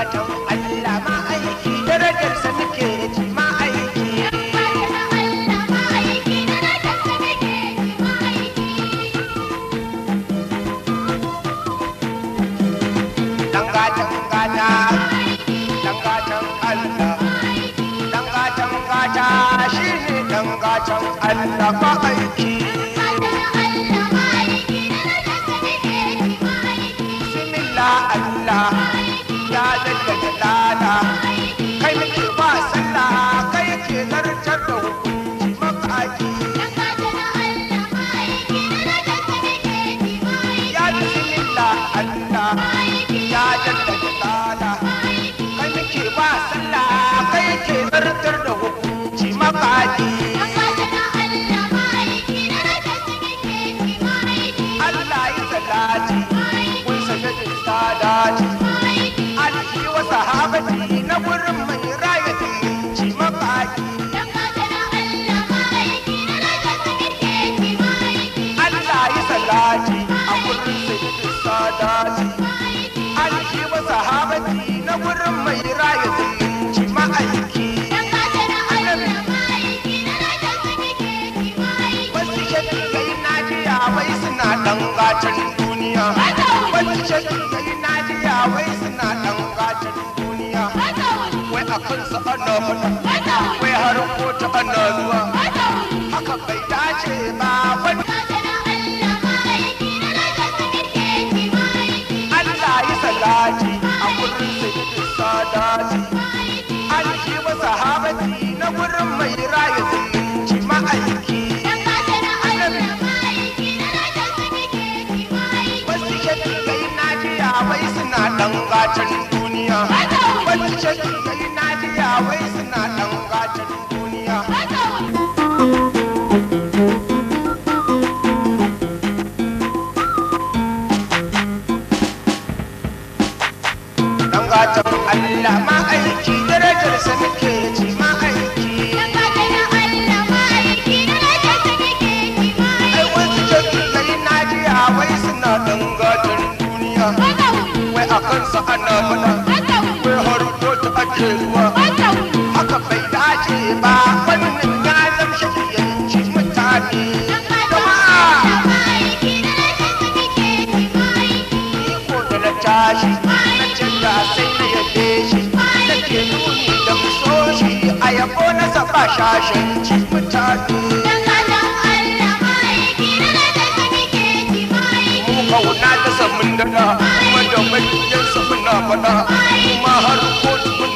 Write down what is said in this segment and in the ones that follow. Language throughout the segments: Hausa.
I don't ke zartar da hukunci makaɗi Allah ya salati kun sake jin sadati alji wa sahabati na gurin mai raya ci makaɗi Allah ya salati a gurin sai sadati suna gacin duniya wani shafi na jiya wai suna dan gacin duniya wai a kansa ana fita wai har kotu ana zuwa haka bai dace ba wani Allah yi salati a gurin sai sadati an ji masa habati na gurin mai rayu dan duniya. wani ce kai na wai suna dan gatan duniya. ruwa haka bai dace ba wannan ya zamshi yanci na na canza sai na shi nake nuni da so shi a yabo na kauna ta kuma da mai yan sabuna fada kuma har kotu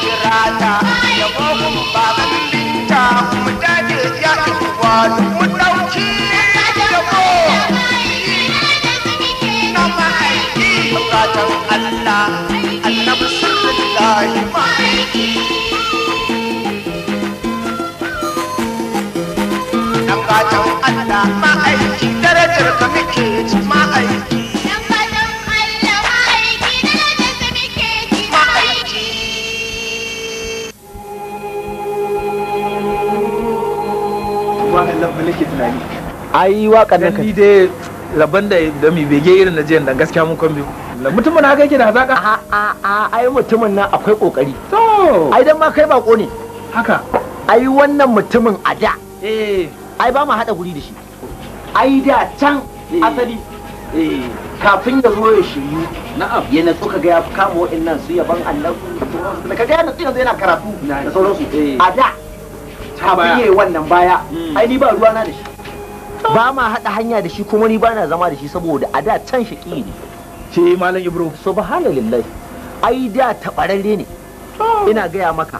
kirata ya gogun baban binta mu daje ya wani mu dauki ya ko na ma'aiki bukatan Allah annabi sallallahu ma'aiki dan batan Allah ma'aiki darajar ka muke aiki. lafi nake tunani ai waƙar nan ka dai rabon da da mi bege irin na jiyan da gaskiya mun kan kwambi mutumin haka yake da hazaka a a a ai mutumin nan akwai kokari to ai dan ma kai bako ne haka ai wannan mutumin a da eh ai ba mu hada guri da shi ai da can eh. asali eh kafin ya zo ya shiryu na'am ya natsu ga ya kama wa'annan su yaban Allah ka ga ya natsu yanzu yana karatu da sauransu eh. a da kafin yayi wannan baya mm. ai ni ba ruwa na da shi ba ma hada hanya da shi kuma ni ba na zama da shi saboda a da can shi ne ce malam ibro subhanallahi ai da tabararre ne ina gaya maka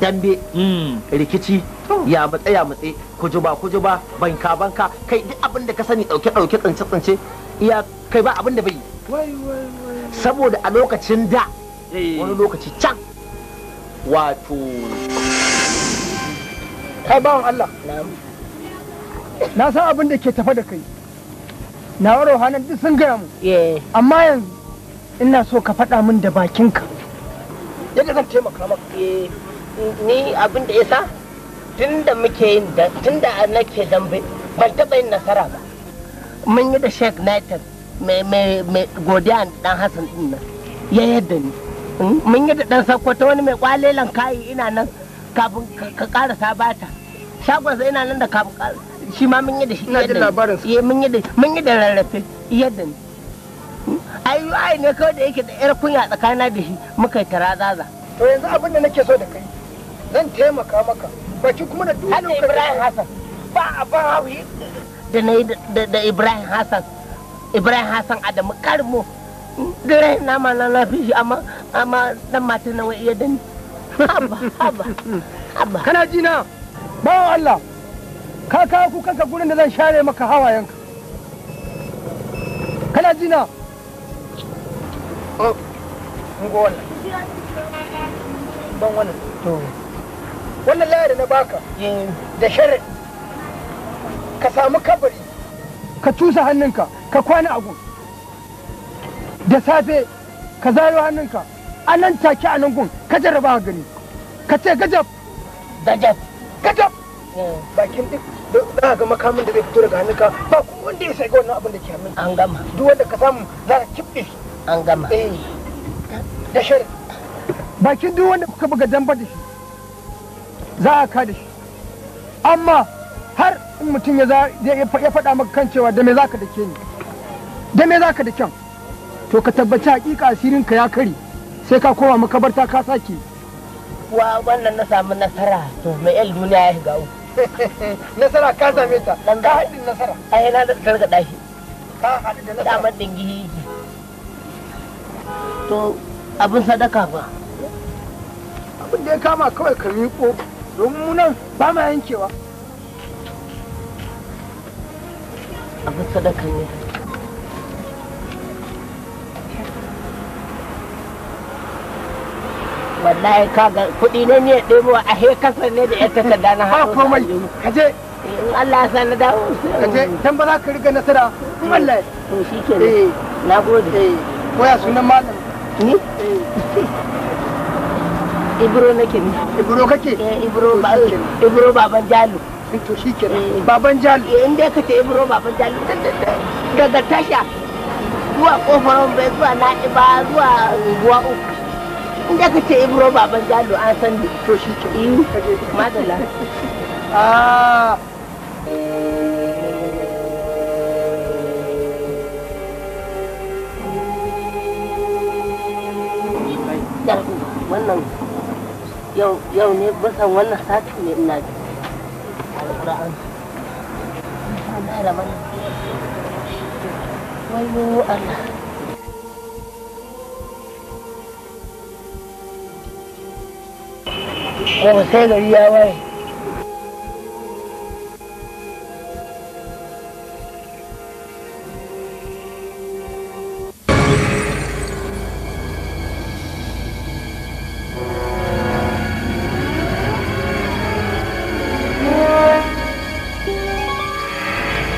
dambe mm. rikici ya matse ya matse kujuba kujuba banka banka kai duk abin da ka sani dauke dauke tsince tsince iya kai ba abin da bai saboda a lokacin da eh. wani lokaci can wato kai bawan Allah na san abin da ke tafa da kai na waro hannun duk sun gaya mu amma yanzu ina so ka faɗa min da bakinka yadda zan taimaka maka ni abin da yasa tun da muke yin da tun da nake zambe ban taɓa yin nasara ba mun yi da sheik naitan mai godiya dan hassan din nan ya yadda ni hmm? mun yi da dan sakwato wani mai kwalelan kayi ina nan kafin ka ta bata shagon sai ina nan da kafin shi ma mun yi da shi na, jin labarin sa eh, mun yi da mun yi da rarrafe yadda ne ayi ai ne kawai da yake da yar kunya tsakanin da shi muka yi tarazaza to yanzu abin da nake so da kai zan taimaka maka baki kuma da duniya da Ibrahim Hassan ba a ba hawi da nayi da Ibrahim Hassan Ibrahim Hassan Adamu Karmo dare na ma na lafi shi amma amma dan matan nan wai yadda ne kana ji na bawan Allah ka kawo kanka gurin da zan share maka hawayenka kana ji na ban wannan wannan layar da na baka da shirin. ka samu kabari ka cusa hannunka ka kwana a gun da safe ka zaro hannunka a nan take a nan gun ka jarraba ka gani ka ce gajab gajab gajab eh. bakin duk za ga makamin da zai fito daga hannuka ba ku wanda ya sai ga wannan abin da ke hannun an gama duk wanda ka samu za ka kibbe an gama eh da shar bakin duk wanda kuka buga jamba da shi za a ka da shi amma har in mutum ya faɗa maka kan cewa da me za ka dake ni da me za ka da kyan to ka tabbaci hakika asirinka ya kare sai ka koma makabarta ka sake wa wannan na samu nasara to mai el duniya ya shiga uku nasara ka same ta ka haɗin nasara A yana da ga ɗashi ka haɗi da nasara damar dingi to abin sadaka ba abin da ya kama kawai ka ko, domin munan ba ma yankewa abin sadaka ne wallahi kaga kuɗi ne ne ɗebo a he kasar ne da ita ta na haɗu ko mai kaje in Allah ya sani dawo kaje dan ba za ka riga nasara in mm. Allah to shi ke eh. na gode eh. koya sunan malam ni eh. ibro nake ni ibro kake eh ibro ba ibro baban Jalu. to shi ke baban Jalu. eh inda kace ibro baban jalu daga tasha zuwa kofar bai zuwa na'iba zuwa unguwa uku in da ka ce ibro baban jalo an san da to shi ke yi eh, ah. wannan yau ne wannan sati ne ina ji Allah ôi thế rồi đi đâu ơi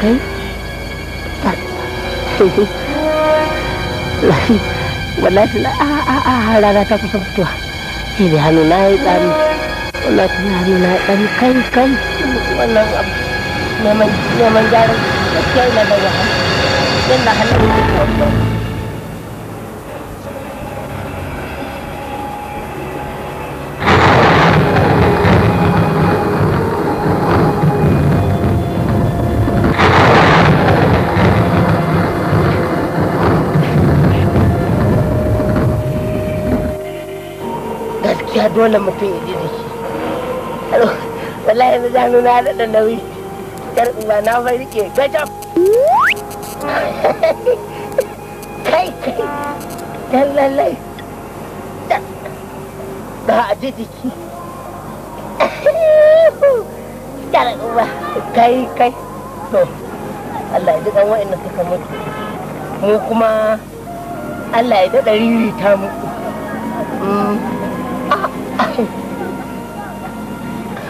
cái thật thì là mình nói là a a a là là trong trong chùa thì để hà nội nay ولكنها من كان كان والله لما لما جاري كيلا بيها يلا حلوه gaskiya dole mutum لا ji da shi wallahi yanzu jami na daɗa nauyi yar na fa rike gajab kai kai lallai a ji jiki kai kai to Allah ya suka mutu mu kuma Allah ya ririta mu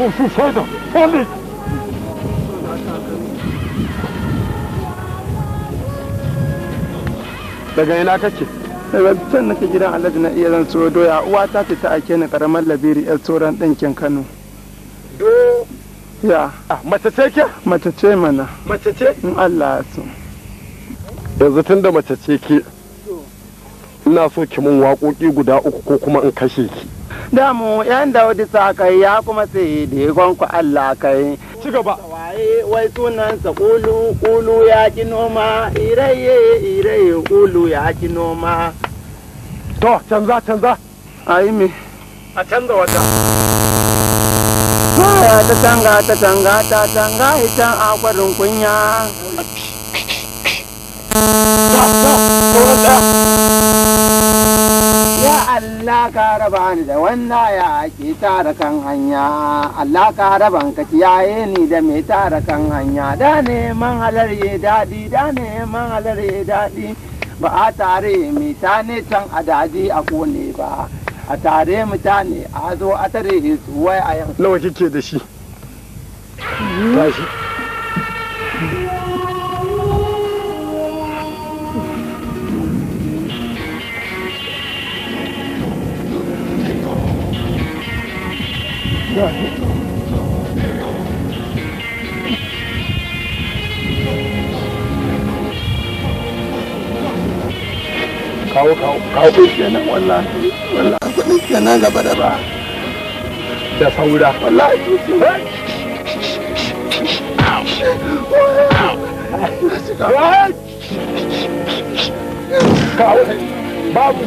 Eu Shiseido, Félix! Daga ina kake? Daga can nake gidan Alhaji na iya zan so doya uwa ta ce ta ake ni karamar labiri yar tsoron ɗinkin Kano. Ya. Ah, mace ce ke? Mace ce mana. Mace ce? In Allah ya so. Yanzu tun da mace ce ke, ina so ki mun waƙoƙi guda uku ko kuma in kashe ki. da mu yan daudi sa kai ya kuma sai da ku Allah kai ci gaba wai sunan sa kulu kulu ya ki noma iraye iraye kulu ya ki noma to canza canza ai mi a canza wata Ta ta tanga ta tanga ta tanga hitan akwarin kunya Ya Allah ka raba ni da wannan ya ake tara kan hanya, Allah ka raba ka kiyaye ni da mai tara kan hanya, da man halar ya daɗi, da man halar ya daɗi, ba a tare ta ne can a a kone ba, a tare mutane a zo a tare su wai a yanzu. lawa kike da shi? Hmm? kawo kawo kenan wallahi wallahi kudin kenan gaba da ba da saura wallahi kawo babu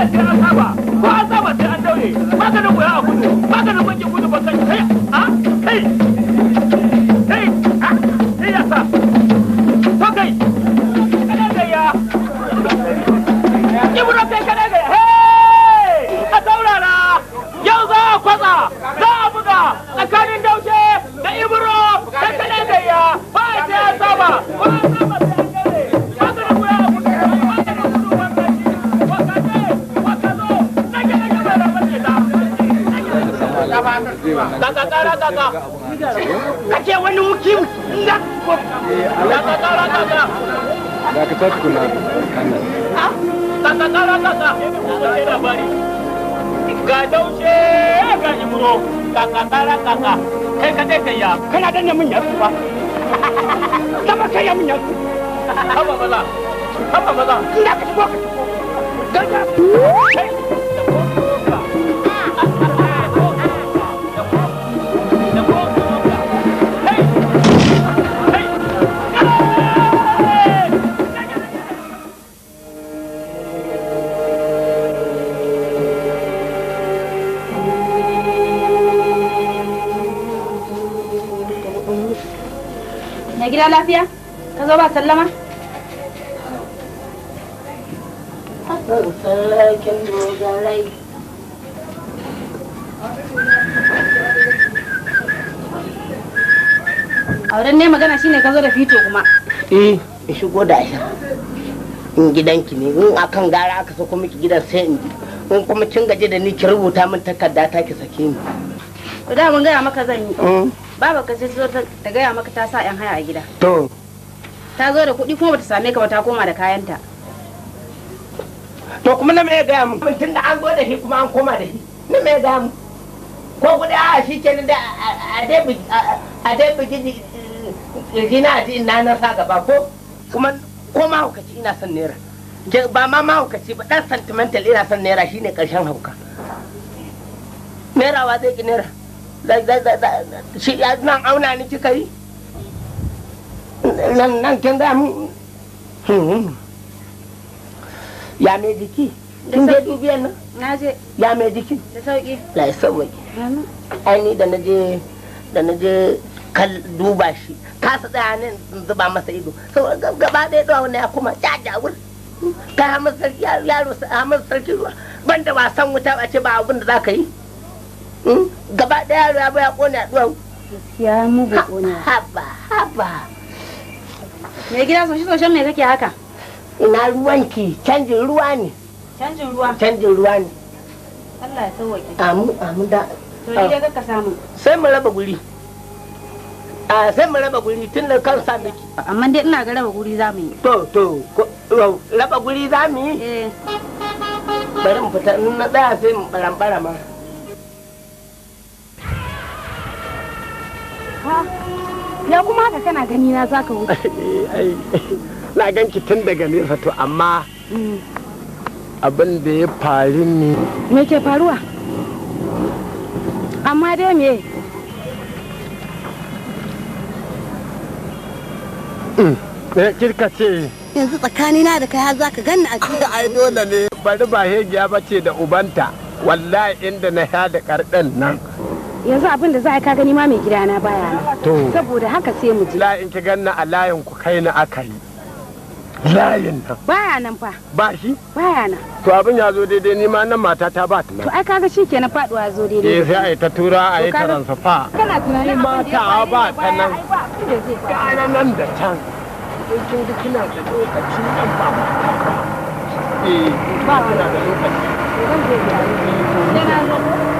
wallahi sai an saba ko an saba sai an daure maganin ku ya a gudu maganin ku ke gudu ba kai ah, kai ake wani wuki da da eh, ka tafi kuna ta ah, ta ta raga ta ga daushe ga ta kai ka dai kana kai ya haba haba ka lafiya ka zo ba sallama A wurin auren ne magana shine ka zo da fito kuma eh ya shigo da aisha. in gidanki ne in akan gara aka sako miki gidan sai in in kuma kin gaje da ni ki rubuta min takarda ta ki sake ni to da mun gaya maka zan yi mm. baba ka zo ta gaya maka ta sa yan haya a gida to ta zo da kuɗi kuma bata same ka ba ta koma da kayanta to kuma na mai gaya mu tun da an zo da shi kuma an koma da shi na mai gaya mu ko kuɗi a shi ke da a dai biki jina ji na na sa gaba ko kuma ko ma ci ina son naira ba ma ma ci ba dan sentimental ina son naira shine karshen hauka naira wa zai ki naira shi nan auna ni kika yi nan nan kin ga mu hmm. ya mai jiki kin je dubiyan nan na je ya mai jiki da sauki la sauki ai ni da naje da naje kal duba shi kasa tsaya ne zuba masa ido saboda gaba ɗaya ɗawa ne ya kuma jajawur ka hamar sarki yaro hamar sarki ruwa banda wasan wuta a ce ba abin da za ka yi Hmm? gaba daya ruwa ba ya kona duwan ya mu ba kona haba haba mai gida soshe soshe me kake haka ina ruwan ki? canjin ruwa ne canjin ruwa canjin ruwa ne Allah ya sauwake amu amu da to ni ga ah. ka samu sai mu raba guri a ah, sai mu raba guri tun da kan sa miki amma dai ina ga raba guri zamu yi to to raba guri zamu yi eh. bari mu fita in na tsaya sai mu barambara ma ya kuma haka kana gani na za ka wuce eh, na ganki tun daga nesa to amma mm. abin da ya faru ne me ke faruwa amma dai mm. me kirka ce yanzu tsakanina da kai har za ka gani a cikin ai dole ne bari ba hegiya ce da ubanta wallahi inda na sha da karɗan nan yanzu abin da za a ka gani ma mai gidana baya na saboda haka sai mu je la in ki ganna a layin ku kai na aka yi layin nan baya nan fa ba shi baya nan to abin ya zo daidai ni ma nan mata ta ba ta to ai kaga shi kenan faduwa zo daidai eh sai ai ta tura ai taransa fa kana tunanin ma ta ba ta nan kana nan da can kin ga kina da lokacin nan ba eh ba kina da lokaci zan je da ni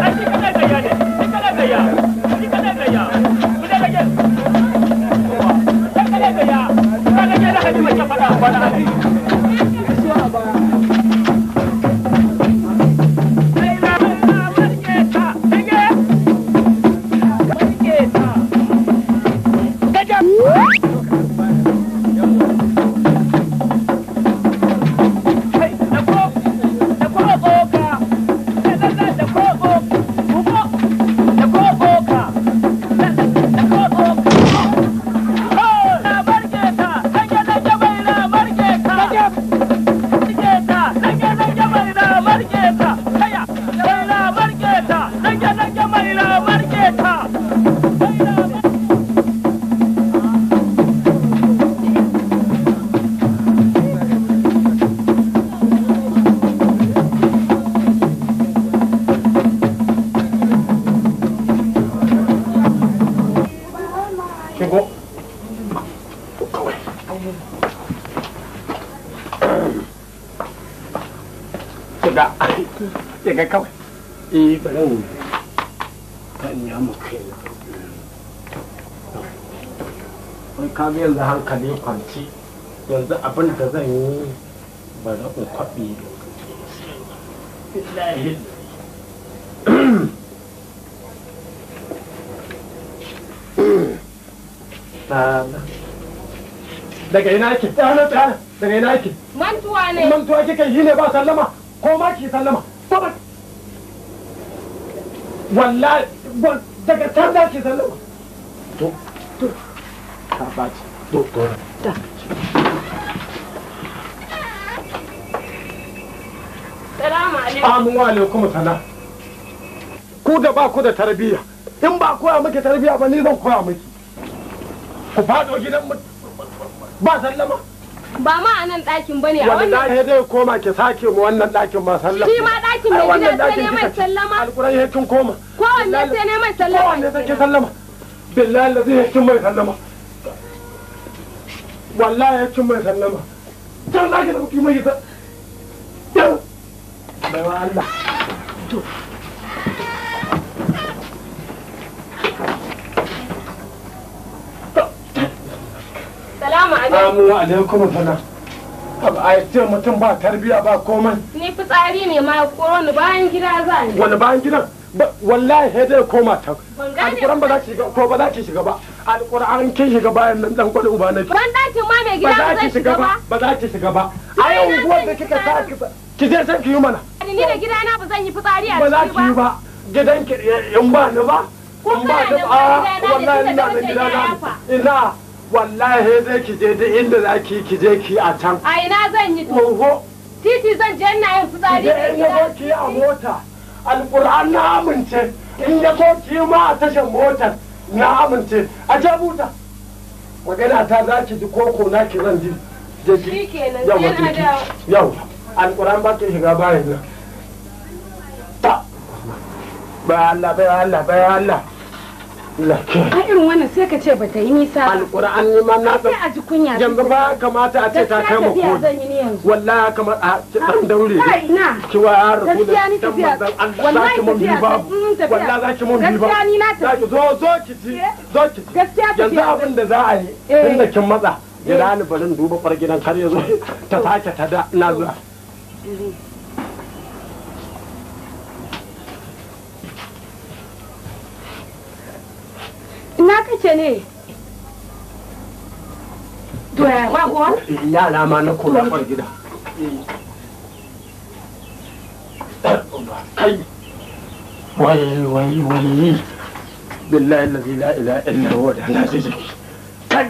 Thank you. ga ya ga kawai ta eh, wai ka ga yanzu hankali kwanci yanzu abin da zan yi ba za ku kwaɓi daga ina yake daga ina yake mantuwa ne mantuwa kika yi ne ba sallama ko ma ki sallama saboda wallahi daga ta ki sallama to to ta to to ta Salamu alaikum. Amin wa alaikum sala. Ku da ba ku da tarbiyya. In ba koya miki tarbiyya ba ni zan koya miki. Ku fado gidan ba sallama. ba ma a nan ɗakin ba ne a wannan wanda zai koma ki sake mu wannan ɗakin ma sallama shi ma ɗakin mai gida sai ne mai sallama alkurai ya kin koma kowanne sai ne mai sallama kowanne sai ke sallama billahi lazi ya kin mai sallama wallahi ya kin mai sallama can ɗakin da kuki mai sallama yau baiwa Allah salamu alaikum sana a ce mutum ba tarbiya ba komai ni fitsari ne ma ko wani bayan gida za ni wani bayan gidan wallahi sai dai koma ta alquran ba za ki shiga ko ba za ki shiga ba alquran kin shiga bayan nan dan kwani uba na ban dakin ma mai gida ba za ki shiga ba ba za ki shiga ba yau unguwar da kika sa ki je san ki yi mana ni da gidana ba zan yi fitsari a ciki ba ba za ki yi ba gidan ki eh, in ba ni ba Ko ba ni ba wallahi ina da na. ina wallahi zai ki je duk inda za ki ki je ki a can a ina zan yi to titi zan je ina yin fitsari da in yabo ki a mota alquran na amince in yabo ki ma a tashar motar na amince a je buta magana ta za ki ji koko na ki zan ji je ki yau yau alquran ba ki shiga bayan nan ta ba Allah ba Allah ba Allah ai irin wannan sai ka ce bata yi nisa alquran ni ma na sai a ji kunya yanzu ba kamata a ce ta kai mu ko wallahi kamata a dan daure na ki wa ya rubu da dan manzon Allah ki mun bi babu wallahi za ki mun babu gaskiya ni na zo zo ki ci eh? zo ki ci gaskiya yanzu abin da za a yi eh. tunda kin matsa ya dani eh. barin duba fargidan har ya zo ta sake ta da na zuwa Ina kake ne? Doya Yara na kula kwar gida. Wai wai wai billahi lazi la ila huwa da jiki. Kai!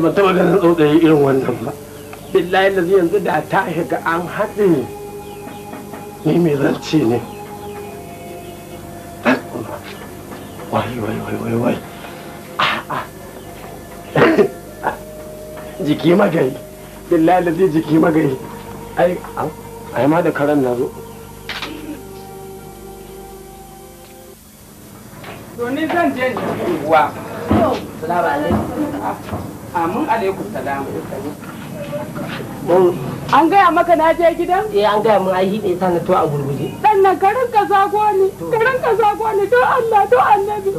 ba taba ganin irin wannan ba. Billahi yanzu da ta shiga an haɗe ni mai zance ne. oi, oi, oi, oi, oi. jiki magai, billahi da jiki magai. ai au, ai ma da karan na zo domin zan je ni uwa salamu alaikum amin alaikum salamu an gaya maka na je gidan? eh an gaya mun ai hiɗe ta na to a gurguje dan nan ka rinka zago ni ka rinka zago ni to Allah to annabi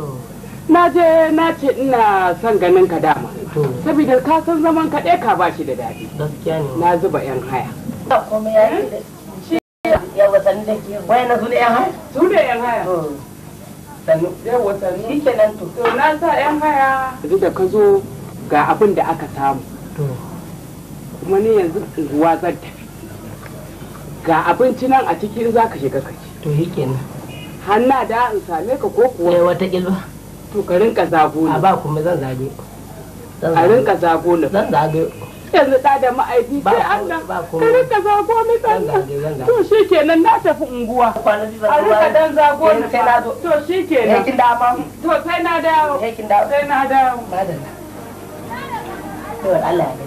na je na ce ina son ganin ka dama saboda ka san zaman ka ka ba shi da daɗi gaskiya ne na zuba yan haya kuma ya yi ya watanni da ke waya na su yan haya su yan haya sannu ya watanni shi kenan to na sa yan haya duk da ka zo ga abin da aka samu kuma ni yanzu watsar tafi ga abinci nan a cikin za ka shiga kake to yi kenan hanna da in same ka ko kuwa eh wata kilba to ka rinka zago ne ba kuma zan zage a rinka zago ne zan zage yanzu da da ma'aiki sai nan ka rinka zago ne zage to shi kenan na tafi unguwa a rinka dan zago ne eh, to shi kenan eh, kin da ma to sai na eh, dawo sai na dawo madalla to Allah ya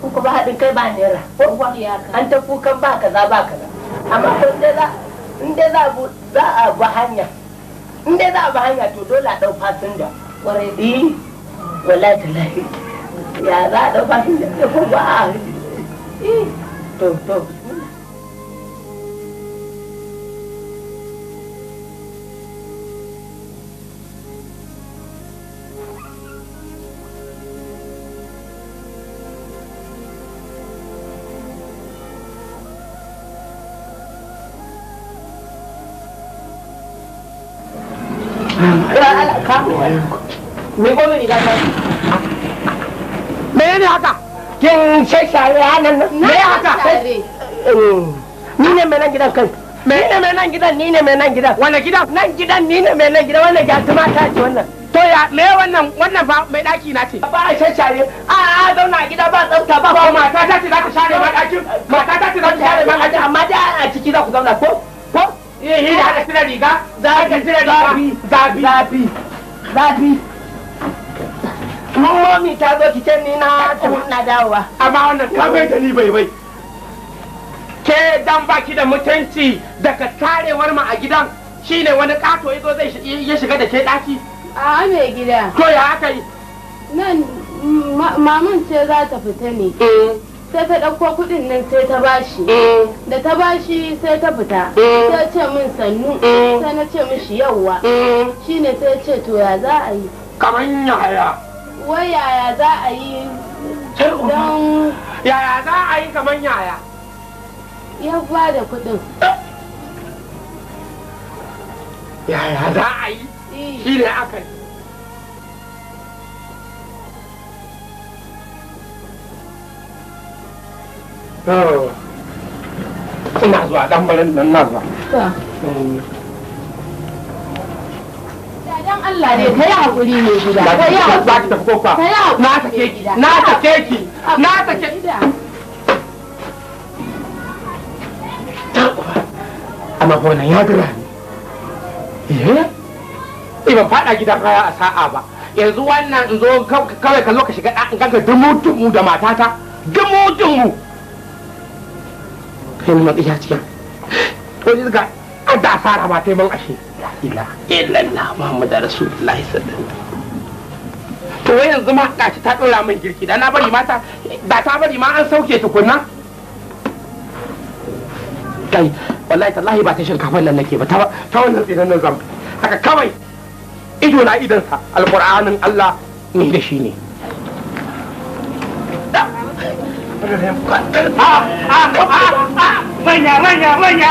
kuka ba haɗin kai ba naira ko an ta kukan ba kaza ba kaza amma ko in dai za za a ba hanya in dai za a ba hanya to dole a ɗau da kwarai eh wallahi tallahi ya za a ɗau da ko ba a eh, to to Me ko ne haka? Kin sai haka? Eh, ni ne mai nan gidan kai. Me ne mai nan gidan ni gidan. Nan gidan ni ne mai nan gidan wannan gyatuma ta ce wannan. To ya me wannan wannan fa mai daki na ce. Ba a sai share. A a zauna a gida ba tsafta ba ko ta ta ciki ko? Ko? Eh, eh, riga, zafi mummomi ta zo ki ce ni na na dawowa amma wannan ta bai da ni bai bai ke dan baki da mutunci daga karewar mu a gidan shine wani kato yazo zai ya shiga da ke daki a me gida to ya haka yi nan maman ce za ta fita ne eh. sai ta ɗauko kuɗin nan sai ta bashi eh. da ta bashi sai ta fita sai eh. ce min sannu eh. sai na ce mishi yauwa shine sai ce to ya za a yi kamar yaya wai yaya za a yi don yaya za a yi kamar yaya ya ba da kuɗin yaya za a yi shi ne aka yi ina zuwa dan barin nan na zuwa dan Allah ne ka yi hakuri ne gida kai hakuri ba ki tafi ko na take ki na take ki na take amma ko nan ya dura eh iban faɗa gidan kaya a sa'a ba yanzu wannan in zo kawai ka zo ka shiga ɗan ganka dumu dumu da matata dumu dumu sai ni matsi ya cikin wani ga adda asara ba ta yi man ashe ila ila illallah muhammadu rasulullahi sallallahu to wai yanzu ma gashi ta ɗora min girki da na bari ma ta da ta bari ma an sauke tukunna kai wallahi tallahi ba ta shinkafar nan nake ba ta wannan tsinan nan zam haka kawai ido na idansa alƙur'anin Allah ni da shi ne Manya, manya, manya!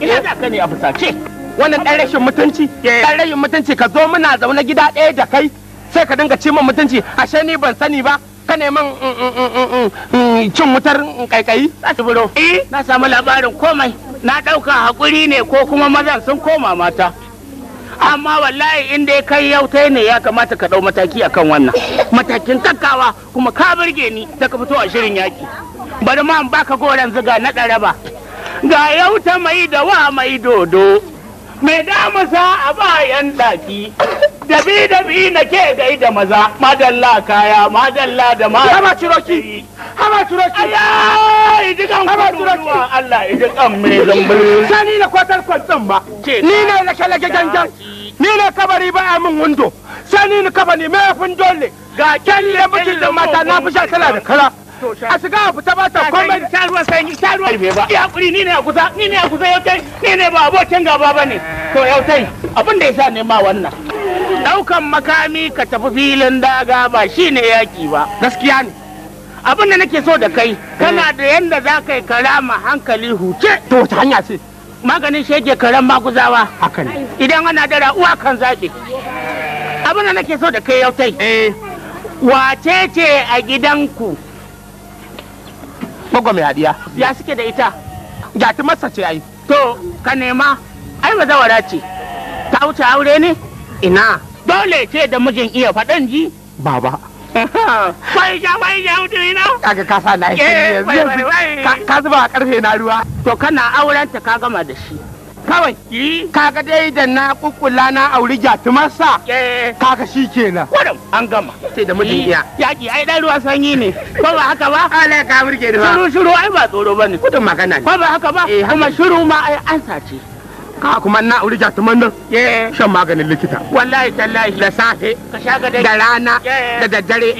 Ina da ka ne a Wannan ɗan rashin mutunci, ɗan rashin mutunci ka zo muna zaune gida ɗaya da kai sai ka dinga cimma mutunci ashe ni ban sani ba ka neman cin wutar kaikayi. Na samu labarin komai. Na ɗauka haƙuri ne ko kuma mazan sun koma mata. amma wallahi in dai kai yau ne ya kamata ka ɗau mataki akan wannan matakin kakkawa kuma ka birge ni ta ka fito a shirin yaki bari ma baka goron ziga na ɗaraba ga yau ta mai da wa mai dodo mai maza a bayan ɗaki dabi dabi na ke gai da maza madalla kaya madalla da ma hama turoki hama turoki aya idikan kururuwa Allah idikan mai zambar sani na kwatar kwantsan ba ni ne na kalage gangan ni ne kabari ba a min wundo sani ni kaba ne mai fin dole ga kyalle mutum da mata na fi sha tala da kara a shiga a fita ba ta komai ta ruwa sanyi ta ruwa ba ya hakuri ni ne a kusa ni ne a kusa yautai ni ne ba abokin gaba ne. to yautai abin da yasa ne ma wannan daukan makami ka tafi filin daga ba shi ne yaki ba gaskiya ne abin da nake so da kai kana da yanda za ka yi karama hankali huce to wata hanya ce maganin shege karen maguzawa haka ne idan ana dara uwa kan zaki abin da nake so da kai yautai eh. wace ce a gidanku Gwagwa mai haɗiya. Ya suke da ita? ta masa ce ai. To, ka nema, ai mazawara ce. Ta wuce aure ne? Ina. Dole ce da mijin iya faɗan ji? Baba. Bai ja bai ja wuce ina? Kaga ka sa na yi. Eh, ka zuba a ƙarfe na ruwa. To kana auren ta ka gama da shi. kawai kaga dai da na kukula na auri jatumarsa kaga shi kenan wadam an gama sai da mutum iya yaki ai dan ruwan sanyi ne ko ba haka ba ala ka burge ni ba shiru shuru ai ba tsoro bane gudun magana ne ko ba haka ba eh, kuma shuru ma ai an sace ka kuma na auri jatuman nan shan maganin likita wallahi tallahi da safe da rana da daddare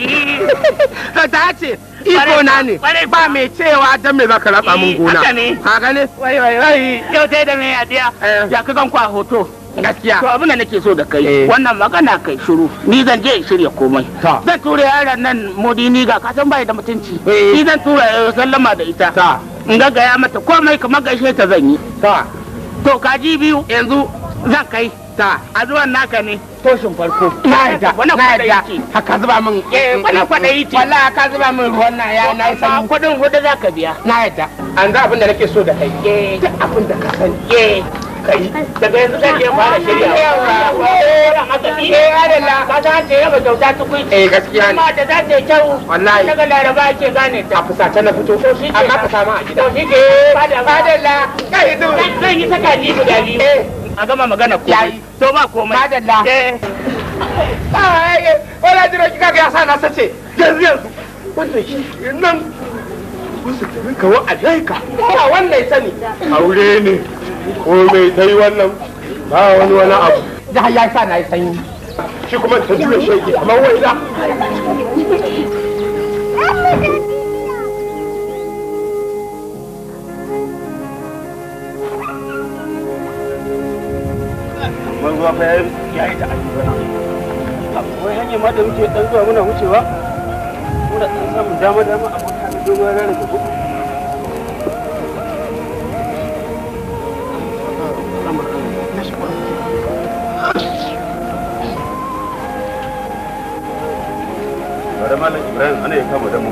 da ce iko na ne ba mai cewa dan me zaka raba mun eh, gona ha ne wai wai wai yau dai da mai adiya eh. ya ka gan kwa hoto gaskiya to abin da nake so da kai eh. wannan magana kai shiru ni zan je in shirya komai zan tura yaran nan modini ga k'a kasan bai da mutunci ni zan tura sallama da ita in gaggaya mata komai kamar gaishe ta zan yi to kaji biyu yanzu zan kai ta a zuwan naka ne toshin farko na yadda na yadda haka zuba min eh, eh wannan eh, kwada yiti wallahi ka zuba min ruwan na ya na isa kudin hudu zaka biya na yadda an ga abin da nake so da kai eh duk abin da ka san eh kai daga yanzu zan je fara shirya eh, ka ta ce kyauta eh gaskiya ne da za ta kyau wallahi daga laraba gane ta a fusace na fito amma ka a gida shi ke yi saka ni a gama magana ko to ba komai madalla eh ai wala jira kika ga yasa na sace yanzu yanzu wannan shi nan kusa tafi kawo alaika ba sani aure ne wannan ba wani wani abu da ya sa na yi sanyi shi kuma ta jure shege kamar wai da ruwa fa ya yi da wai hanyar ma da muke dan zuwa muna wucewa muna dan samun dama dama a mota da rana da Bari Malam Ibrahim ana kama da mu.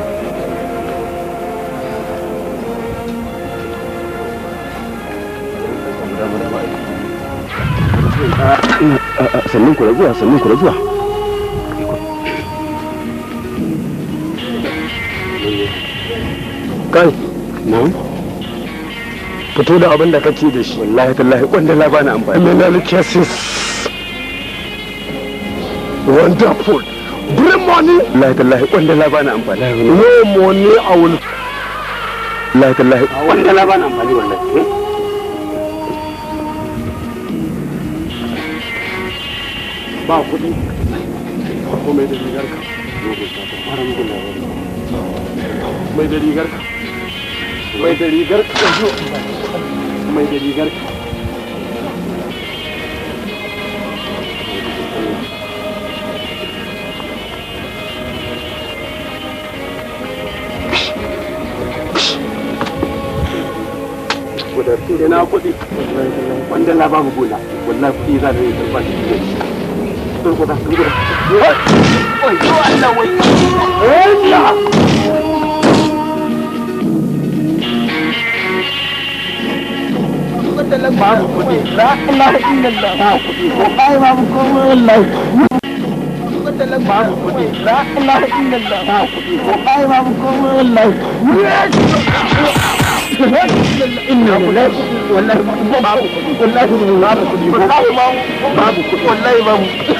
Thank you. sannan ku da zuwa sannan ku da zuwa kai na'am fito da abin da kake da shi wallahi tallahi wanda la bani amfani min al cases wonderful bring money wallahi tallahi wanda la bani amfani no money i will wallahi tallahi wanda la bani amfani wallahi ba kuɗi ba ko da rigar ka mai da rigar ka mai da rigar ka mai da rigar ka kuɗi wanda gona wallahi kuɗi za da yi da tôi cô ta cứu tôi đây ôi chú anh đâu ấy hết rồi talagang bago ko din. Lahat ng lahat. Ay, bago ko ng lahat. Talagang bago ko din. Lahat ng lahat. Ay, bago ko ng lahat. Yes! Wallahi babu kudi wallahi babu kudi wallahi babu kudi wallahi babu kudi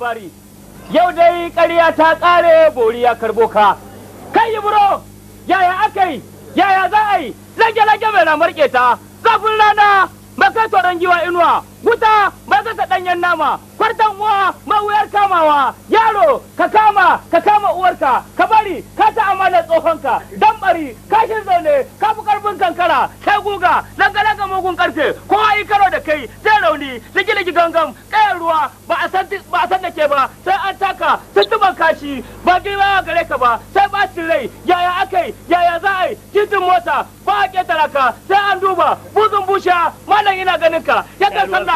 labari yau dai ƙarya ta ƙare bori ya karbo ka kai yi buro yaya aka yi yaya za a yi lage-lage mai na marke zafin rana makato giwa inuwa wuta mai ta ɗanyen nama kwartan uwa ma wuyar kamawa yaro ka kama ka kama uwarka ka bari ka ta amana tsohonka dan bari ka shi zaune ka bu karfin kankara sai guga langa langa mugun karfe ko ayi karo da kai sai rauni ligi ligi gangan kai ruwa ba a san da ke ba sai an taka tuntuban kashi ba girma gare ka ba sai bacin rai yaya akai yaya za a yi titin mota ba a ketara ka sai an duba buzun busha malam ina ganin ka yadda sallah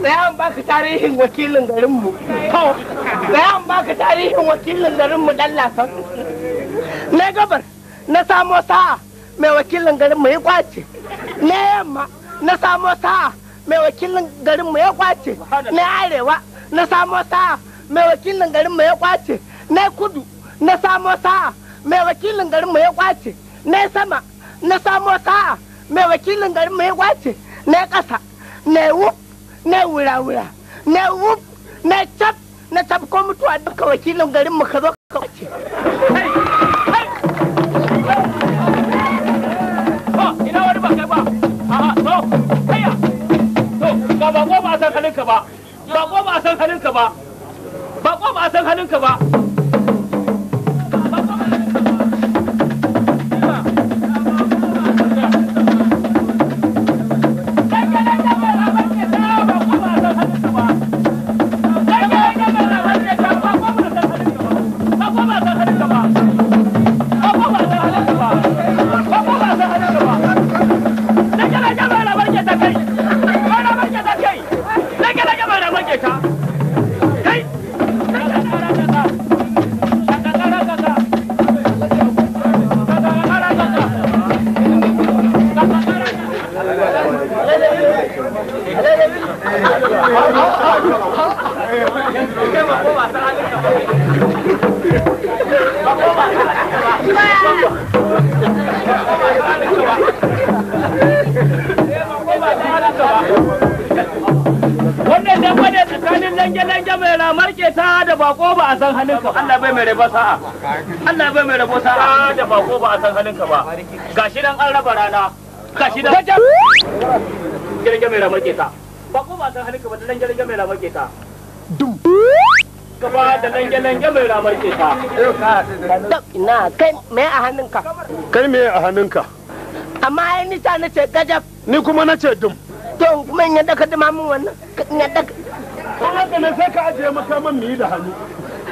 Zayan baka tarihin wakilin garinmu. To, zayan baka tarihin wakilin garinmu dan lasan. Na gabar, na samo sa'a mai wakilin garinmu ya kwace. Na yamma, na samo sa'a mai wakilin garinmu ya kwace. Na arewa, na samo sa'a mai wakilin garinmu ya kwace. Na kudu, na samo sa'a mai wakilin garinmu ya kwace. Na sama, na samo sa'a mai wakilin garinmu ya kwace. Na ƙasa, na wup na wura-wura na wuf na cap na cap ko mutuwa duka wakilin garin mu ka zo ka wace oh, ba ba ba a san halinka ba bako ba a san halinka ba bako ba a san halinka ba rabo sa'a Allah bai mai rabo sa'a ah, da ba ko ba a san halinka ba gashi nan an raba rana gashi nan mai ramake ta ba ko ba a san halinka ba da mai ramake ta dum kai me a hannunka kai amma ai ni ta nace ni kuma nace dum kuma in yadda ka dima min wannan in yadda kuma da sai ka ajiye makaman mu yi da hannu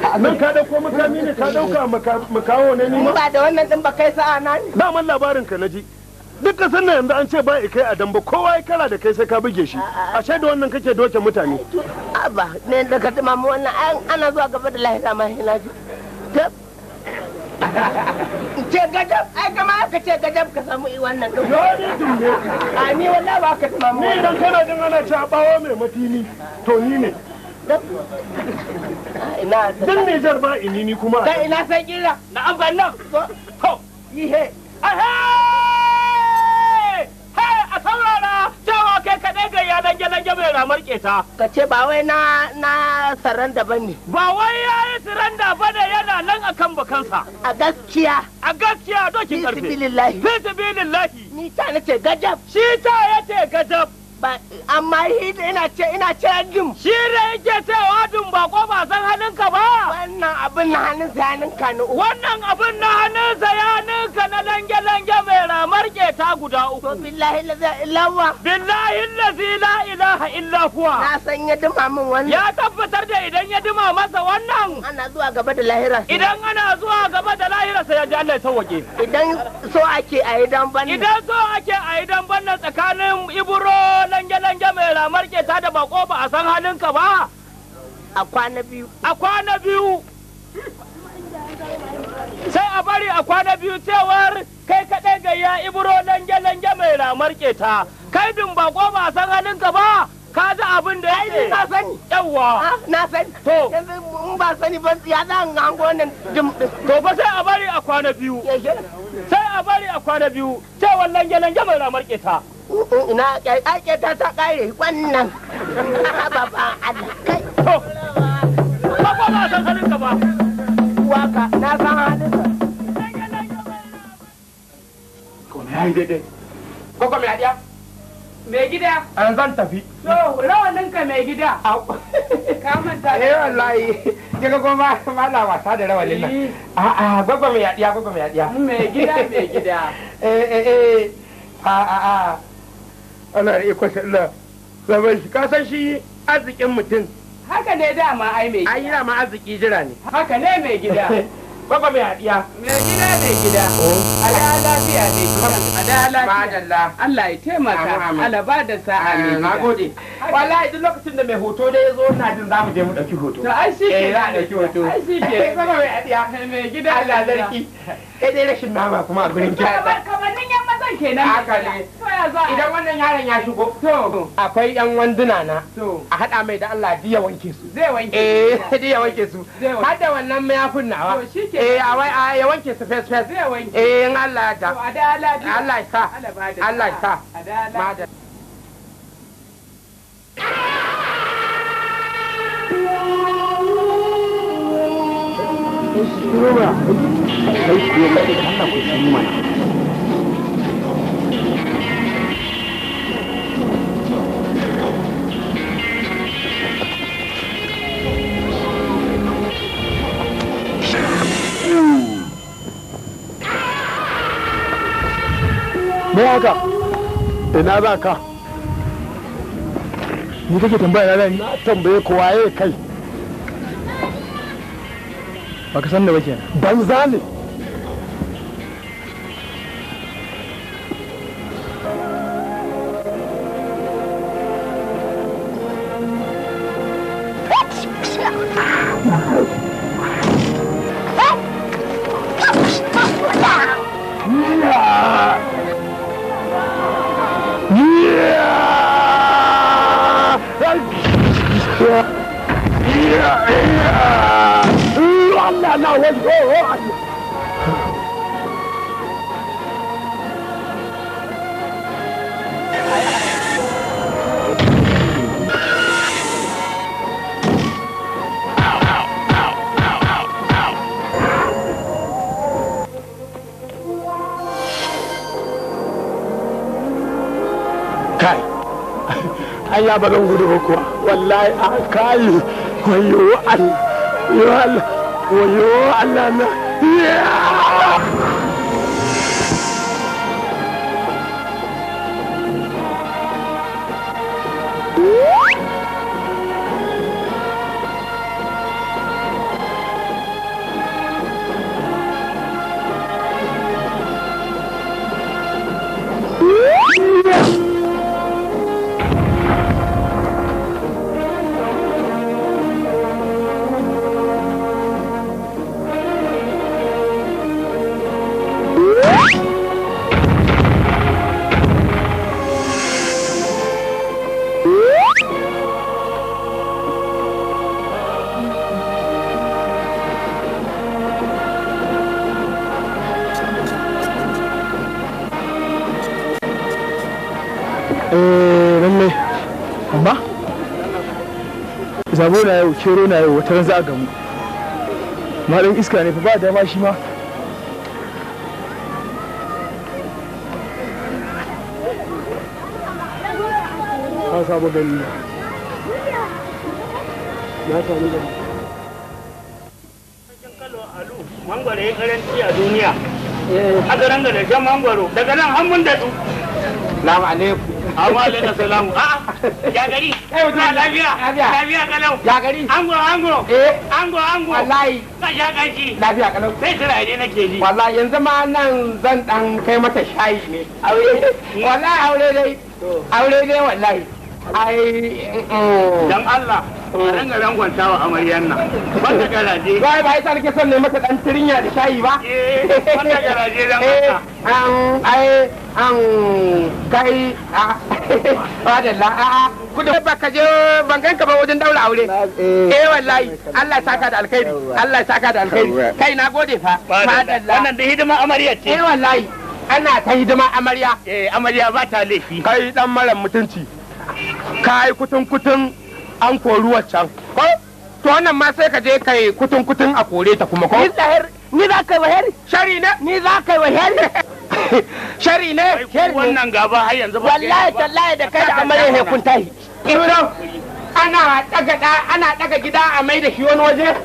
nan ka dauko makami ne ka dauka makawo ne nima ba da wannan din ba kai sa'a na ne daman labarin ka naji duk sannan nan yanzu an ce ba kai a damba kowa ya kara da kai sai ka buge shi ashe da wannan kake doke mutane ba ne da ka tuma mu wannan ana zuwa gaba da lahira ma hina ji tab ce gajab ai kama aka ce gajab ka samu i wannan din ni dumme a ni wallahi ba ka tuma mu ni dan kana jin ana ce a bawo mai matini to ni ne ina dan ne jar ba ini ni kuma da ina san kira na an ban nan ho ihe ahe he a saurara cewa kai kaɗai ga yanan gyanan gyabe na marke ta ka ce ba wai na na saranda ba ne ba wai ya yi saranda ba ne yana nan akan bakansa a gaskiya a gaskiya doki karfe fi sabilillahi ni ta nace gajab shi ta yace gajab amma ina ce ina ce dim shi da yake cewa dun ba ko ba san ka ba wannan abin na hannun ya ninka ni uku wannan abin na hannunsa ya ka na lange lange mai ramar keta guda uku to billahi la ilaha billahi allazi la ilaha illa huwa na san ya dima min wannan ya tabbatar da idan ya dima masa wannan ana zuwa gaba da lahira idan ana zuwa gaba da lahira sai ya ji Allah ya sauke idan so ake a yi dan banna idan so ake a yi dan banna tsakanin ibro lange-lange mai ramar keta da bako ba a san halinka ba? A kwana biyu. A kwana biyu. Sai a bari a kwana biyu cewar kai kaɗai ya ibro lange-lange mai ramar keta. Kai bin bako ba a san halinka ba? ka ji abin da yake na sani yawa na sani to in ba sani ba ya za an hango wannan to ba sai a bari a kwana biyu sai a bari a kwana biyu Cewar lange-lange mai ramar keta ina ƙyaƙe ta ta ƙare wannan ababen alakai ba ba san halinka ba waka na san halinka kome ya yi daidai ko kome ya diya mai gida an zan tafi so rawanin ka mai gida ka manta eh wallahi kika ko ma mala wasa da rawanin nan eh. a a gogo mai yadiya gogo mai yadiya mai gida mai gida eh eh eh aa aa. ana iya kwashe Allah zaman shi ka san shi arzikin mutum haka ne dama ai mai gida ai ma arziki jira ne haka ne mai gida baka mai hadiya mai gida mai gida oh. A ala lafiya ne ala lafiya Allah ya taimaka Allah ba da sa'a ne na gode wallahi duk lokacin da mai hoto da ya zo na jin za mu je mu dauki hoto to ai shi eh, ke za a dauki hoto ai shi ke baka mai hadiya mai gida Allah zarki kai dai rashin nama kuma a gurin ki kamannin yamma kawai kenan haka ne idan wannan yaron ya shigo to akwai yan wanduna na a hada mai da Allah diya wanke su zai wanke eh diya wanke su har da wannan mayafin nawa eh a wai ya wanke su fes fes zai wanke eh in Allah ya ta Allah ya ta. Allah ya ta. sa madalla Terima kasih. me haka ina za ka ni kake tambaya na na tambaye ko waye kai baka san da ba ban banza ne Allah ba zan gudu ba kuwa wallahi a kayi wayo Allah wayo Allah na wataran za a gamu malin iska ne fa ba dama shi ma ka saba gani ya sami gani mangwaro ya karanci a duniya eh. a garin da jan mangwaro daga nan hannun da su alaikum amma alaikum salamu a'a ya gari eh, ah, lafiya lafiya kalau ya gari ango ango eh ango ango wallahi ka sha kanshi lafiya kalau sai tira ne nake ji wallahi yanzu ma nan zan dan kai mata shayi ne aure hmm. wallahi aure dai aure dai wallahi ai dan Allah ran ga kwanta wa amaryan nan banda garaje ba ba yasa nake son ne mata dan tirinya da shayi ba eh banda garaje dan eh, an ai an kai a adalla a kudu ba ka je ban ganka ba wajen daura aure eh wallahi Allah ya saka da alkhairi Allah ya saka da alkhairi kai na gode fa madalla wannan da hidima amarya ce eh wallahi ana ta hidima amarya eh amarya ba ta laifi kai dan mara mutunci kai kutun kutun an kori waccan ko to wannan ma sai ka je kai kutun kutun a kore ta kuma ko ni za ni za kai waheri. shari ne ni za kai waheri. shari ne wannan gaba har yanzu ba wallahi tallahi da kai da amare ne kun tahi ibro ana daga ana daga gida a mai da shi wani waje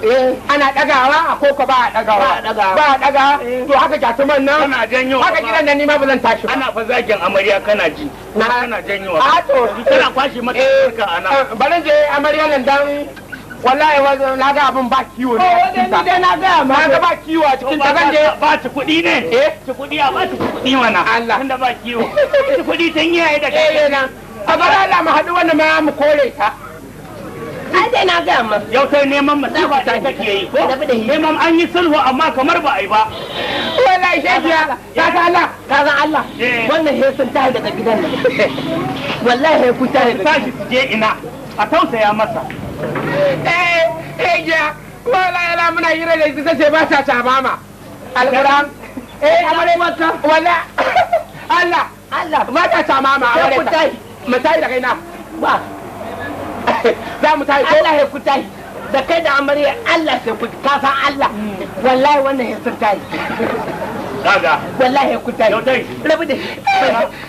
Eh, ana dagawa a koko ba a dagawa ba a dagawa eh. to haka jatuman nan ana janyo haka kiran nan nima ba zan tashi ba ana fa zagin amarya kana ji na kana janyo a ah, to kana kwashi mata eh, ka ana bari je amarya nan dan wallahi na ga abin ba kiwo ne ni dai na ga ma na ga ba kiwo a cikin ta gande ba ci kudi ne eh ci kudi a ba ci kudi mana Allah tunda ba kiwo ci kudi tan yi da kai eh na a bar Allah mu hadu wannan ma mu kore ta dai na gaya ma yau sai neman masifa ta kake yi ko neman an yi sulhu amma kamar ba a yi ba wallahi shafiya ta Allah ka ga Allah eh. wannan he sun tashi daga gidan nan wallahi he ku tashi tashi su je ina a tausaya masa eh eh ya wallahi la muna hira da ita sai ba ta tabama alquran eh amare mata wala Allah Allah ta mutai ba za mu tashi Allah ya ku da kai da amarya Allah ku ka san Allah wallahi wannan ya sun tashi Daga. wallahi ya ku tashi rabu da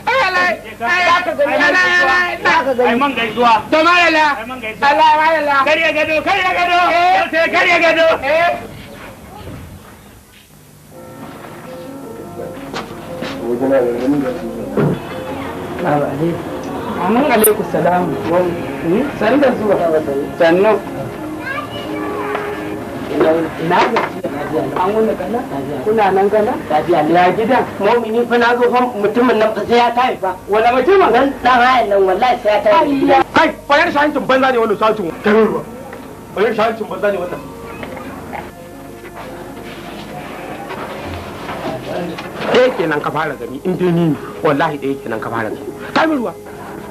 Allah ya ka gani Allah ya ka gani ai man gaisuwa to malala Allah malala kar ya gado kar ya gado eh. sai kar ya gado Thank eh. Amin alaikum salamu. Hmm? San da zuwa. Sannu. Na an wani gana? Kuna nan gana? Ya gidan. Momini fa na zo fa mutumin nan fa sai ya kai fa. Wala mutumin? Dan dan hayan nan wallahi sai ya kai. Kai, fayar shahancin banza ne wannan Kai ruwa. banza ne wannan. Ɗaya kenan ka fara gani, in dai ni wallahi ɗaya kenan ka fara gani. Kai ruwa.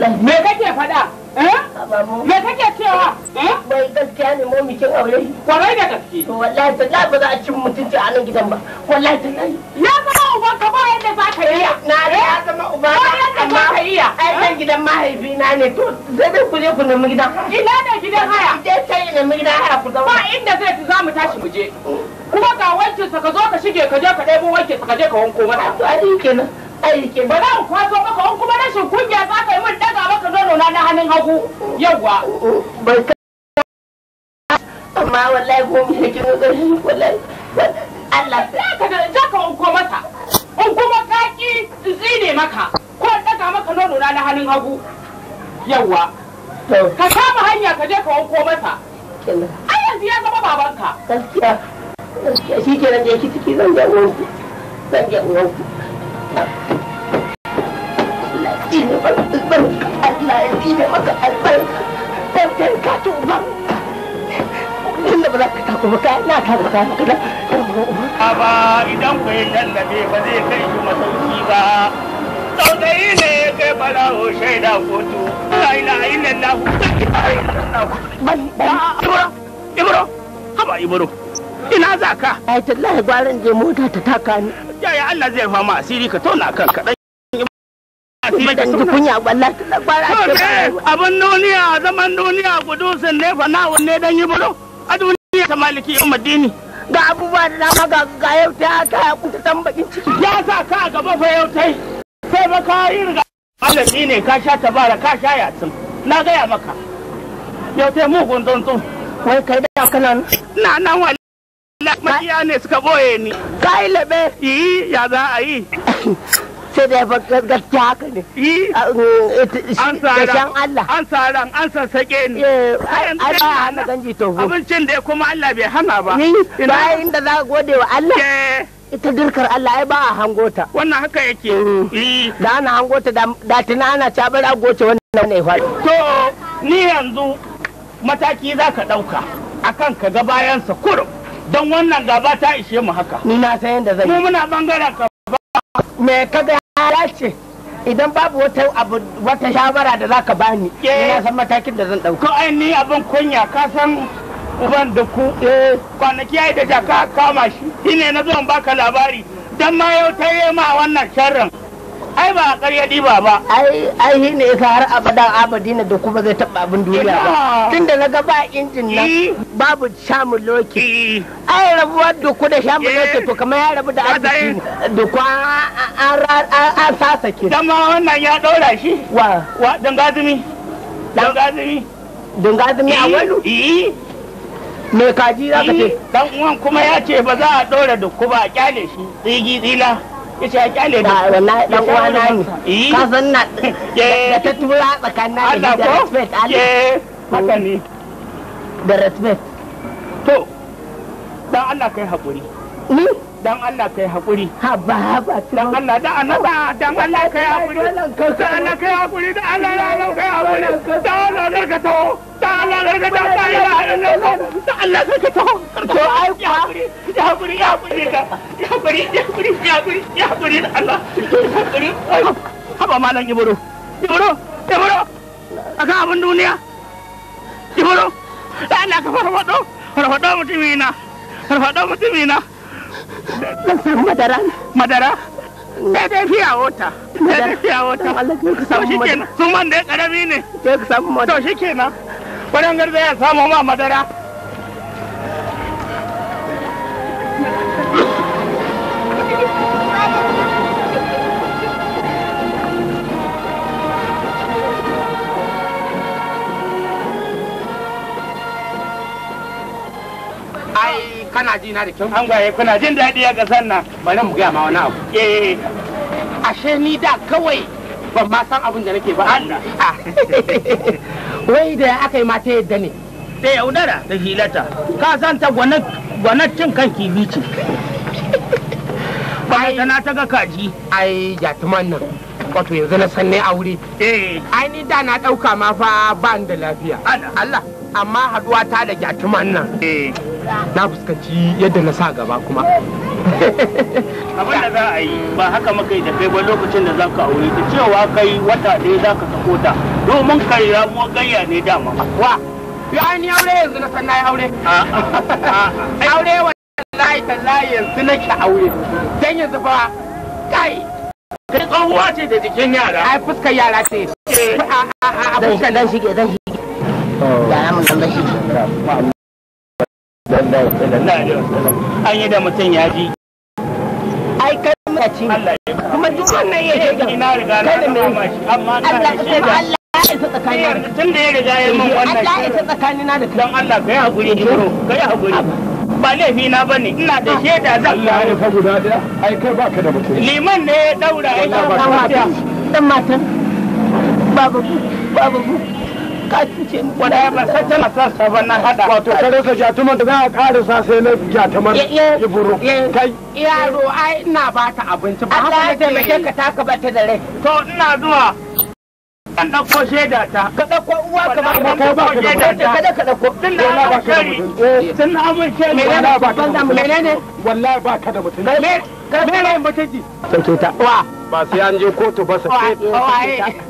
Me kake faɗa? Eh? Me kake cewa? Bai eh? gaskiya ne momi kin aure. Kwarai da gaske. To wallahi ta tallahi ba za a cin mutunci a nan gidan ba. Wallahi ta tallahi. Ya zama uban ka ba yadda za ka iya. Na ya eh? zama uba ka. Ba yadda za ka iya. Ai nan gidan mahaifina ne to zai dai ku je ku nemi gidan. Ina da gidan haya. Je can yi nemi gidan haya ku zama. Ba inda zai ci za mu tashi mu je. Kuma ga sa ka zo ka shige ka je ka ɗebo sa ka je ka wanko mana. To a ai kenan. aikin ba za mu kwaso maka in kuma rashin kunya za ka yi mun daga maka nono na na hannun hagu yawwa bai ka amma wallahi ko mu yake mu ƙarshen wallahi Allah sai ka ga za ka unko mata in kuma ka ki zine maka ko daga maka nono na na hannun hagu yawwa ka kama hanya ka je ka unko mata ai yanzu ya zama babanka gaskiya shi ke nan da yake ciki zan ga uwanku zan ga uwanku ɗanka Allah ya tsine maka albarka dan dan ka tuba tunda ba za ka tafi ba ka na tafi ka na kada ba idan ku yi tallabe ba zai kai shi masauki ba tsautsayi ne ya kai balawo shaida kotu la ilaha illallah ban ban ibro ibro haba ibro ina za ka ai tallahi gwaran je mota ta taka ni yaya Allah zai fama asiri ka tona kanka asiri da su kunya wallahi abin duniya zaman duniya gudusin ne fa na wanne dan yi buro a duniya ta maliki yau madini ga abubuwa da dama ga yau ta kuta tan bakin ciki ya sa ka a gaba fa yau tai sai ba ka yi riga ne ka sha tabara ka sha yatsun na gaya maka yau mugun tuntun wai kai da na nan wani Makiya ne suka boye ni. Ka labe? Yi, ya za a yi. sai da gaskiya haka ne da shan Allah an saran an sassaƙe ni eh, an ganji tofu abincin da ya kuma Allah bai hana ba ina da za gode wa Allah ita dirkar Allah ai ba a hangota wannan haka yake mm. da ana hangota da tuna ana cabara goce wannan ne fa to ni yanzu mataki za ka ɗauka akan ka ga bayansa kurum don wannan gaba ta ishe mu haka ni na san yadda zai yi mu muna bangaren ka me kaga ya ce idan babu wata wata shawara da zaka bani eh. ina san matakin da zan dauka ko ni abin kunya ka san uban da ku eh. kwanaki yayi da jaka kama shi shine na zo baka labari don ma yau ta ma wannan sharrin ai ba ƙarya diba ba ai ai shi ne yasa har abadan abadina da kuma zai taɓa abin duniya ba tunda na ga ba injin nan babu shamu loki ai rabuwar duku da shamu loki to kamar ya rabu da arziki duku an sasa ke dama wannan ya ɗora shi wa wa dangazumi dangazumi dangazumi a walu me kaji za ka ce dan uwan kuma ya ce ba za a ɗora duku ba a kyale shi tsigi tsila yace ya kyale da wallahi dan uwa na ka san na da ta tura tsakanin na da respect Allah haka ne da respect to dan Allah kai hakuri ni dan Allah kai hakuri ha ba ba dan Allah da anaba dan Allah kai hakuri da Allah kai hakuri da Allah da Allah kai hakuri da Allah ka to da Allah ka to da Allah da Allah ka to to ai ya hakuri ya hakuri ya hakuri ka ya hakuri ya hakuri ya hakuri ya hakuri da Allah hakuri haba malam ibro ibro ibro aka abin duniya ibro da Allah ka farfado farfado mutumina farfado mutumina Na samu madara. Madara? Sai dai fiya wata. Sai dai fiya wata. To kenan. man dai ne. kenan. garza ya samu ma madara. kana ji na da kyau an gwaye kuna jin daɗi a ƙasar nan bari mu gaya ma wani abu eh ashe ni da kawai ban ma san abin da nake ba Allah ah. wai da aka yi mata yadda ne da yaudara da hilata ka san ta gwanar cin kan kibi ba ta na ta ga kaji ai jatuman nan wato yanzu na san ne aure eh ai ni da na dauka ma fa ban da lafiya Allah amma haduwa ta da jatuman nan eh na fuskanci yadda na sa gaba kuma abin da za a yi ba haka maka yi da kai ba lokacin da za ka aure ta cewa kai wata ɗaya za ka sako ta domin kai ramuwa gayya ne dama wa ya ni aure yanzu na san na yi aure aure ta tallahi yanzu na ke aure don yanzu fa kai kai tsohuwa ce da jikin yara ai fuskar yara ce dan shige dan shige yara mun dan shige an yi da mutum ya ji ai kalmaci kuma duk wannan ya riga na riga na kama shi amma na shi da Allah ya isa tsakanin tun da ya riga ya min wannan Allah ya isa tsakanin na da kai dan Allah kai hakuri kiro kai hakuri ba laifi na bane ina da ah. shaida zan Allah ya ka guda da ai kai baka da mutum liman ne ya daura ai ka dan matan babu babu ka cuce ni kwarai ba sai tana son sa ba na hada wato kare ka jatuman da za a ƙara sa sai na jatuman iburo kai yaro ai ina ba ta abinci ba haka na taimake ka taka ba ta da rai to ina zuwa kan ɗauko shaida ta ka ɗauko uwa ka ba ka ɗauko shaida ta kada ka ɗauko tun da abin shari tun da abin shari menene ba ka da eh. menene wallahi ba ka da Me mutum menene mutunci sauke ta wa ba sai an je kotu ba sai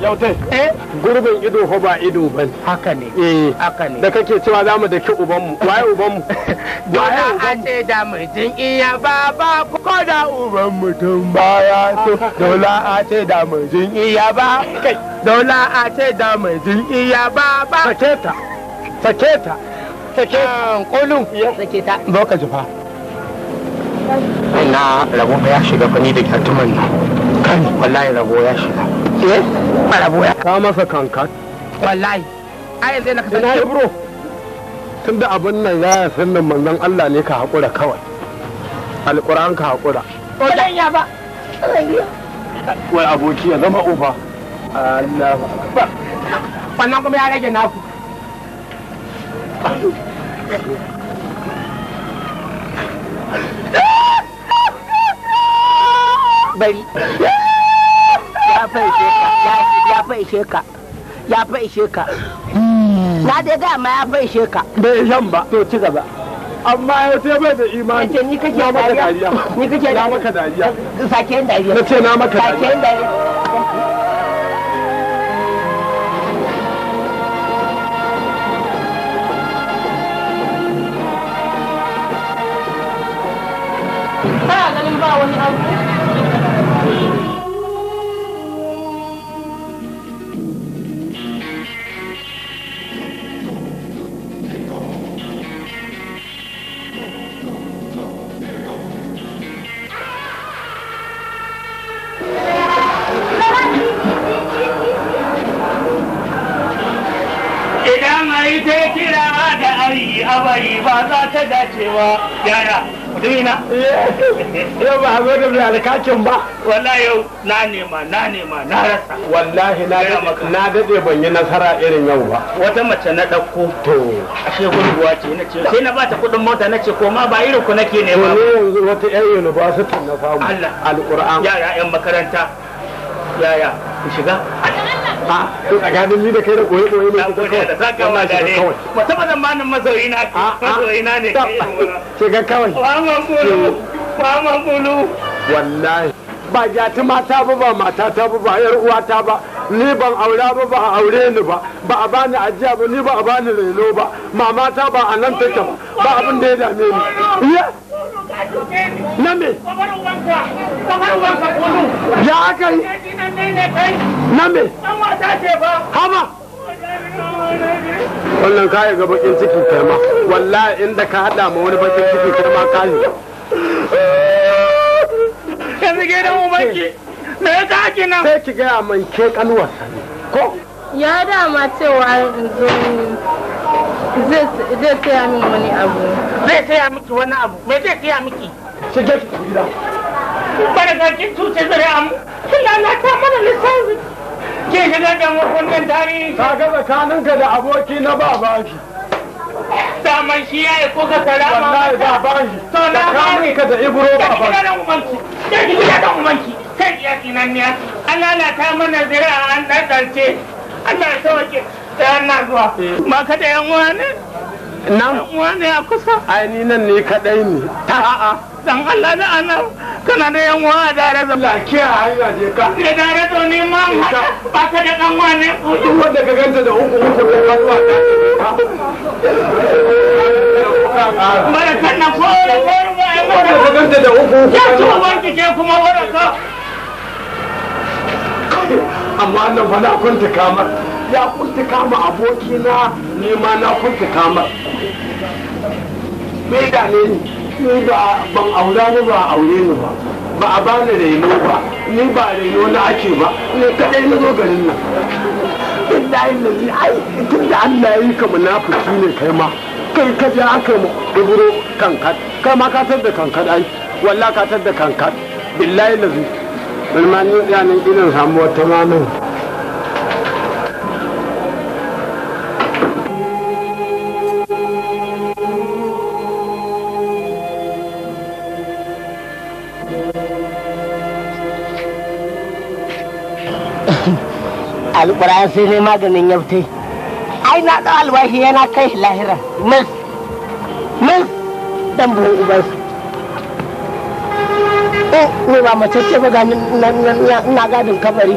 yautai eh? gurbin ido ho ba ido ba haka ne eh haka ne da kake cewa za mu daki mu waye mu dole a ce da mutum iya baba ko da uban mutum baya so dole a ce da mutum iya ba dole a ce da mutum iya baba sake ta sake ta sake ya sake ta zo ka jifa ina rabo ya shiga fani da kyatuman nan kan wallahi rabo ya shiga eh marabo ya ka masa kankat wallahi ai zai na kasance ina ibro tunda abin nan ya ya sannan manzon Allah ne ka haƙura kawai alƙur'an ka haƙura ko dan ya ba wai aboki ya zama ufa Allah wannan kuma ya rage naku bari ya fa ishe ka ya ka na dai ga ma ya fa ka bai shan ba to ci gaba amma yau sai bai da imani ce ni kake dariya ni kake na maka dariya sake dariya na ce na maka sake dariya ba wani abu za ta dacewa yaya mutumina yau ba hazo da alkakin ba wallahi yau na nema na nema na rasa wallahi na dade ban yi nasara irin yau ba wata mace na dauko to ashe gurguwa ce na ce sai na ba ta kudin mota na ce ko ma ba irin ku nake nema ba yanzu wata yan university na samu Allah alquran Yaya yan makaranta yaya ku shiga a to tsakanin ni da kai da koyi koyi ne kuka da ne nan masoyi na masoyi na ne ga kawai ba ba wallahi ba ja ta mata ba ba mata ta ba ba yar uwa ta ba ni ban aura ba ba a aure ni ba ba a bani ajiya ba ni ba a bani lelo ba mama ta ba a nan take ba ba abin da ya dame ni iya na me ya aka yi na me hama wannan kayi ga bakin ciki kai wallahi inda ka hada ma wani bakin ciki kai ma kayi yanzu gidan baki. me ya ki nan sai ki gaya min ke kalwar sani ko ya dama cewa zai saya min wani abu zai saya miki wani abu me zai saya miki ke ki gida bada ga kin tuce zare amu kina na ta mana lissafi ke shiga da wannan tarihi ka ga tsakaninka da aboki na ki. daman shi ya yi kuka salama, wallahi ba ba shi tsakaninka da ibro ba ba ki da umanki ki da umanki kai ya kinanniya an lalata mana zira an ɗaɗarce Allah ya sauke da yana zuwa ba ka da yan uwa ne nan uwa ne a kusa ai ni nan ne kaɗai ne ta a'a dan Allah da ana kana da yan uwa a dare da lafiya hanya je ka da dare to ni ma ba ka da dan uwa ne duk wanda ka ganta da uku uku da kasuwa ta bara kan na ko ko ba ai mara ka ganta da uku uku ya to kuma waraka amma nan fa na kunta kamar ya kunta kama abokina ne ma na kunta kamar me da ne ni ba ban aura ni ba aure ni ba ba a bani reno ba ni ba reno na ake ba ni kadai na zo garin nan billahi lazi ai tun da an na yi na munafiki ne kai ma kai ka je aka mu duburo kankan kai ma ka tar da kankan ai wallahi ka tar da kankan billahi lazi มันมันยุ่งยากจริงๆต้องทำบททำงานนึง alƙura sai ne maganin yautai ai na ɗan alwashi yana kai lahira mis mis dan buhun ubansu Eh, ne ba mace ce ba ga na gadin kabari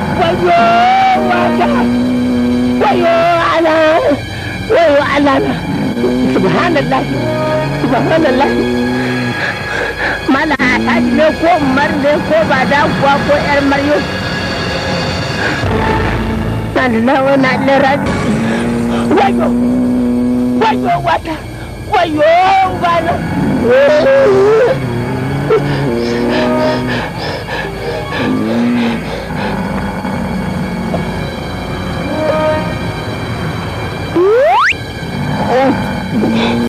wayo wata wayo ala wayo ala subhanallah subhanallah mala ta ne ko umar ne ko ba dakuwa ko yar maryo wani wayo wayo wata wayo wata いいね。